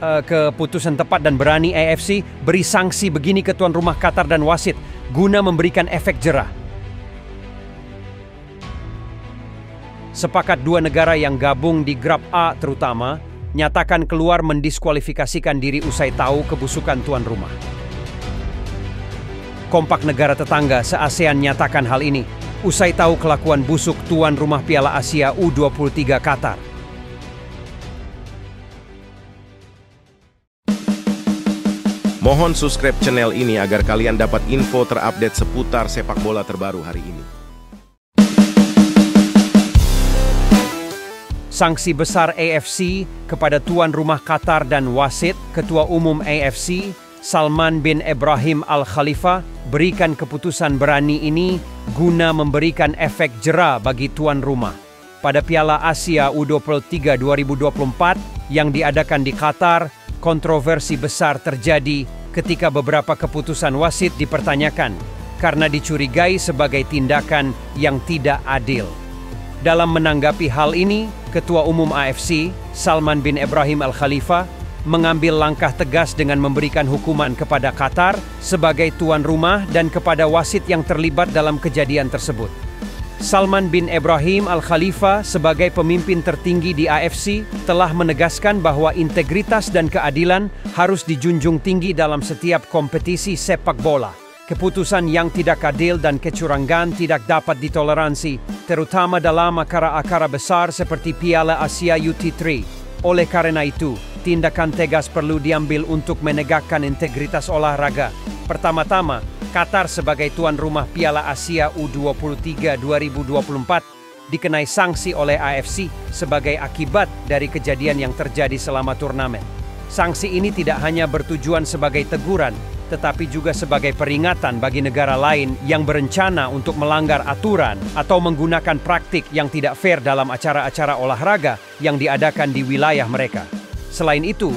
uh, keputusan tepat dan berani AFC beri sanksi begini ke tuan rumah Qatar dan wasit guna memberikan efek jerah. Sepakat dua negara yang gabung di Grup A terutama nyatakan keluar mendiskualifikasikan diri usai tahu kebusukan tuan rumah. Kompak negara tetangga se-ASEAN nyatakan hal ini usai tahu kelakuan busuk tuan rumah Piala Asia U23 Qatar. Mohon subscribe channel ini agar kalian dapat info terupdate seputar sepak bola terbaru hari ini. Sanksi besar AFC kepada tuan rumah Qatar dan wasit Ketua Umum AFC Salman bin Ibrahim Al Khalifa berikan keputusan berani ini guna memberikan efek jera bagi tuan rumah. Pada Piala Asia U23 2024 yang diadakan di Qatar, Kontroversi besar terjadi ketika beberapa keputusan wasit dipertanyakan karena dicurigai sebagai tindakan yang tidak adil. Dalam menanggapi hal ini, Ketua Umum AFC, Salman bin Ibrahim Al Khalifa, mengambil langkah tegas dengan memberikan hukuman kepada Qatar sebagai tuan rumah dan kepada wasit yang terlibat dalam kejadian tersebut. Salman bin Ibrahim Al Khalifa sebagai pemimpin tertinggi di AFC telah menegaskan bahwa integritas dan keadilan harus dijunjung tinggi dalam setiap kompetisi sepak bola. Keputusan yang tidak adil dan kecurangan tidak dapat ditoleransi, terutama dalam akara-akara besar seperti Piala Asia u 3 Oleh karena itu, tindakan tegas perlu diambil untuk menegakkan integritas olahraga. Pertama-tama, Qatar sebagai tuan rumah Piala Asia U23 2024 dikenai sanksi oleh AFC sebagai akibat dari kejadian yang terjadi selama turnamen. Sanksi ini tidak hanya bertujuan sebagai teguran, tetapi juga sebagai peringatan bagi negara lain yang berencana untuk melanggar aturan atau menggunakan praktik yang tidak fair dalam acara-acara olahraga yang diadakan di wilayah mereka. Selain itu,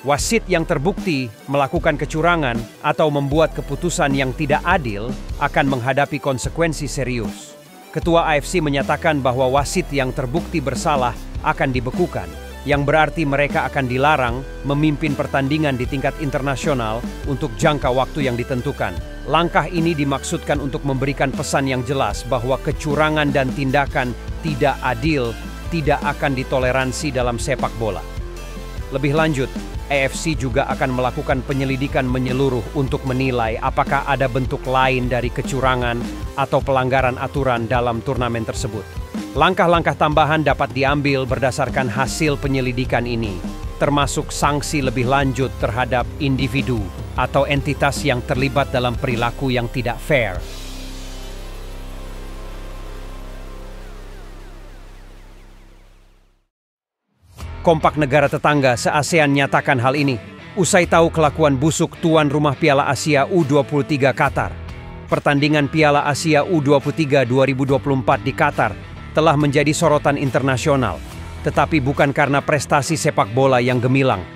Wasit yang terbukti melakukan kecurangan atau membuat keputusan yang tidak adil akan menghadapi konsekuensi serius. Ketua AFC menyatakan bahwa wasit yang terbukti bersalah akan dibekukan, yang berarti mereka akan dilarang memimpin pertandingan di tingkat internasional untuk jangka waktu yang ditentukan. Langkah ini dimaksudkan untuk memberikan pesan yang jelas bahwa kecurangan dan tindakan tidak adil tidak akan ditoleransi dalam sepak bola. Lebih lanjut, AFC juga akan melakukan penyelidikan menyeluruh untuk menilai apakah ada bentuk lain dari kecurangan atau pelanggaran aturan dalam turnamen tersebut. Langkah-langkah tambahan dapat diambil berdasarkan hasil penyelidikan ini, termasuk sanksi lebih lanjut terhadap individu atau entitas yang terlibat dalam perilaku yang tidak fair. kompak negara tetangga se-ASEAN nyatakan hal ini. Usai tahu kelakuan busuk tuan rumah Piala Asia U23 Qatar. Pertandingan Piala Asia U23 2024 di Qatar telah menjadi sorotan internasional, tetapi bukan karena prestasi sepak bola yang gemilang.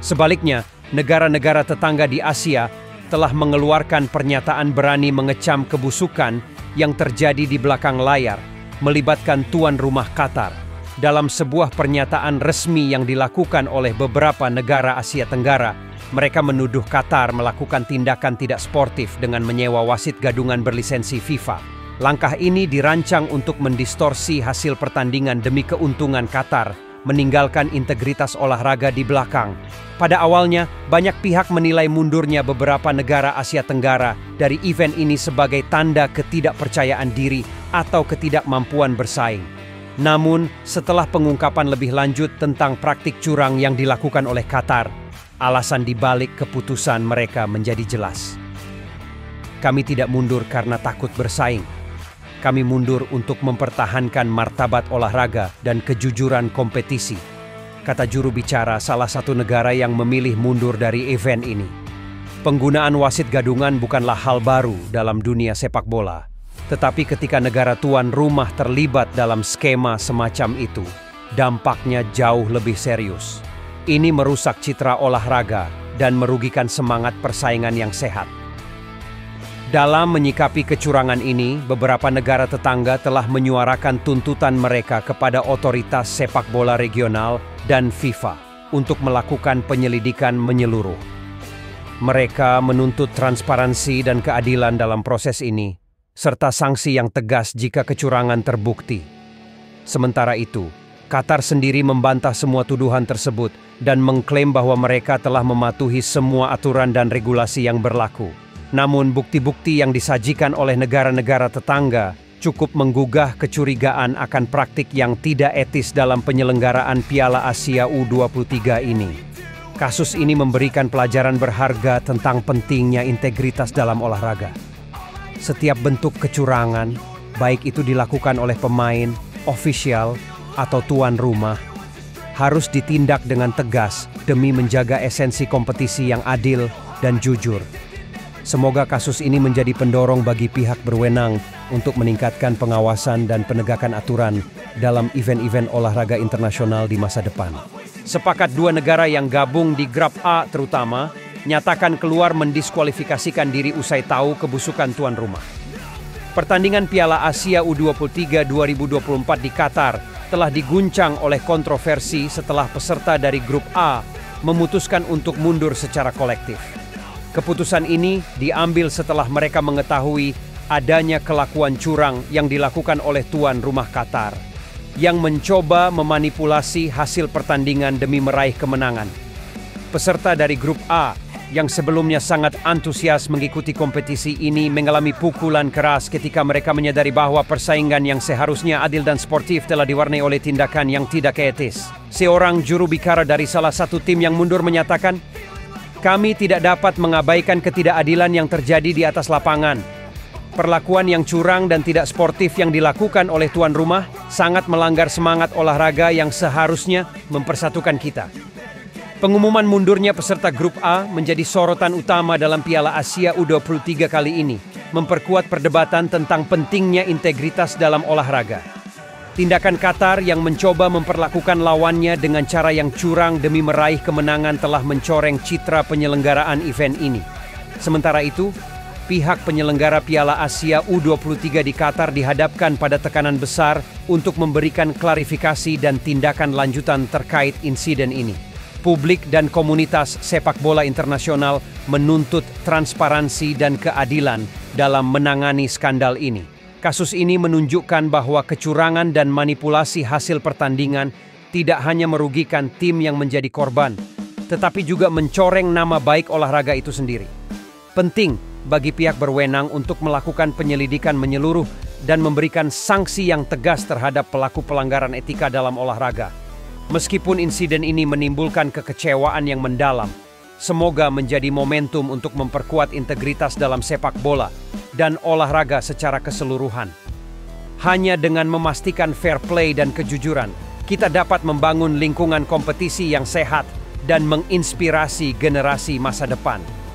Sebaliknya, negara-negara tetangga di Asia telah mengeluarkan pernyataan berani mengecam kebusukan yang terjadi di belakang layar, melibatkan tuan rumah Qatar dalam sebuah pernyataan resmi yang dilakukan oleh beberapa negara Asia Tenggara, mereka menuduh Qatar melakukan tindakan tidak sportif dengan menyewa wasit gadungan berlisensi FIFA. Langkah ini dirancang untuk mendistorsi hasil pertandingan demi keuntungan Qatar, meninggalkan integritas olahraga di belakang. Pada awalnya, banyak pihak menilai mundurnya beberapa negara Asia Tenggara dari event ini sebagai tanda ketidakpercayaan diri atau ketidakmampuan bersaing. Namun, setelah pengungkapan lebih lanjut tentang praktik curang yang dilakukan oleh Qatar, alasan dibalik keputusan mereka menjadi jelas. Kami tidak mundur karena takut bersaing. Kami mundur untuk mempertahankan martabat olahraga dan kejujuran kompetisi, kata juru bicara salah satu negara yang memilih mundur dari event ini. Penggunaan wasit gadungan bukanlah hal baru dalam dunia sepak bola. Tetapi ketika negara tuan rumah terlibat dalam skema semacam itu, dampaknya jauh lebih serius. Ini merusak citra olahraga dan merugikan semangat persaingan yang sehat. Dalam menyikapi kecurangan ini, beberapa negara tetangga telah menyuarakan tuntutan mereka kepada otoritas sepak bola regional dan FIFA untuk melakukan penyelidikan menyeluruh. Mereka menuntut transparansi dan keadilan dalam proses ini, serta sanksi yang tegas jika kecurangan terbukti. Sementara itu, Qatar sendiri membantah semua tuduhan tersebut dan mengklaim bahwa mereka telah mematuhi semua aturan dan regulasi yang berlaku. Namun bukti-bukti yang disajikan oleh negara-negara tetangga cukup menggugah kecurigaan akan praktik yang tidak etis dalam penyelenggaraan Piala Asia U23 ini. Kasus ini memberikan pelajaran berharga tentang pentingnya integritas dalam olahraga. Setiap bentuk kecurangan, baik itu dilakukan oleh pemain, ofisial, atau tuan rumah, harus ditindak dengan tegas demi menjaga esensi kompetisi yang adil dan jujur. Semoga kasus ini menjadi pendorong bagi pihak berwenang untuk meningkatkan pengawasan dan penegakan aturan dalam event-event olahraga internasional di masa depan. Sepakat dua negara yang gabung di Grup A terutama nyatakan keluar mendiskualifikasikan diri usai tahu kebusukan tuan rumah. Pertandingan Piala Asia U23 2024 di Qatar telah diguncang oleh kontroversi setelah peserta dari grup A memutuskan untuk mundur secara kolektif. Keputusan ini diambil setelah mereka mengetahui adanya kelakuan curang yang dilakukan oleh tuan rumah Qatar yang mencoba memanipulasi hasil pertandingan demi meraih kemenangan. Peserta dari grup A yang sebelumnya sangat antusias mengikuti kompetisi ini mengalami pukulan keras ketika mereka menyadari bahwa persaingan yang seharusnya adil dan sportif telah diwarnai oleh tindakan yang tidak etis. Seorang juru bicara dari salah satu tim yang mundur menyatakan, "Kami tidak dapat mengabaikan ketidakadilan yang terjadi di atas lapangan. Perlakuan yang curang dan tidak sportif yang dilakukan oleh tuan rumah sangat melanggar semangat olahraga yang seharusnya mempersatukan kita." Pengumuman mundurnya peserta grup A menjadi sorotan utama dalam Piala Asia U23 kali ini, memperkuat perdebatan tentang pentingnya integritas dalam olahraga. Tindakan Qatar yang mencoba memperlakukan lawannya dengan cara yang curang demi meraih kemenangan telah mencoreng citra penyelenggaraan event ini. Sementara itu, pihak penyelenggara Piala Asia U23 di Qatar dihadapkan pada tekanan besar untuk memberikan klarifikasi dan tindakan lanjutan terkait insiden ini publik dan komunitas sepak bola internasional menuntut transparansi dan keadilan dalam menangani skandal ini. Kasus ini menunjukkan bahwa kecurangan dan manipulasi hasil pertandingan tidak hanya merugikan tim yang menjadi korban, tetapi juga mencoreng nama baik olahraga itu sendiri. Penting bagi pihak berwenang untuk melakukan penyelidikan menyeluruh dan memberikan sanksi yang tegas terhadap pelaku pelanggaran etika dalam olahraga. Meskipun insiden ini menimbulkan kekecewaan yang mendalam, semoga menjadi momentum untuk memperkuat integritas dalam sepak bola dan olahraga secara keseluruhan. Hanya dengan memastikan fair play dan kejujuran, kita dapat membangun lingkungan kompetisi yang sehat dan menginspirasi generasi masa depan.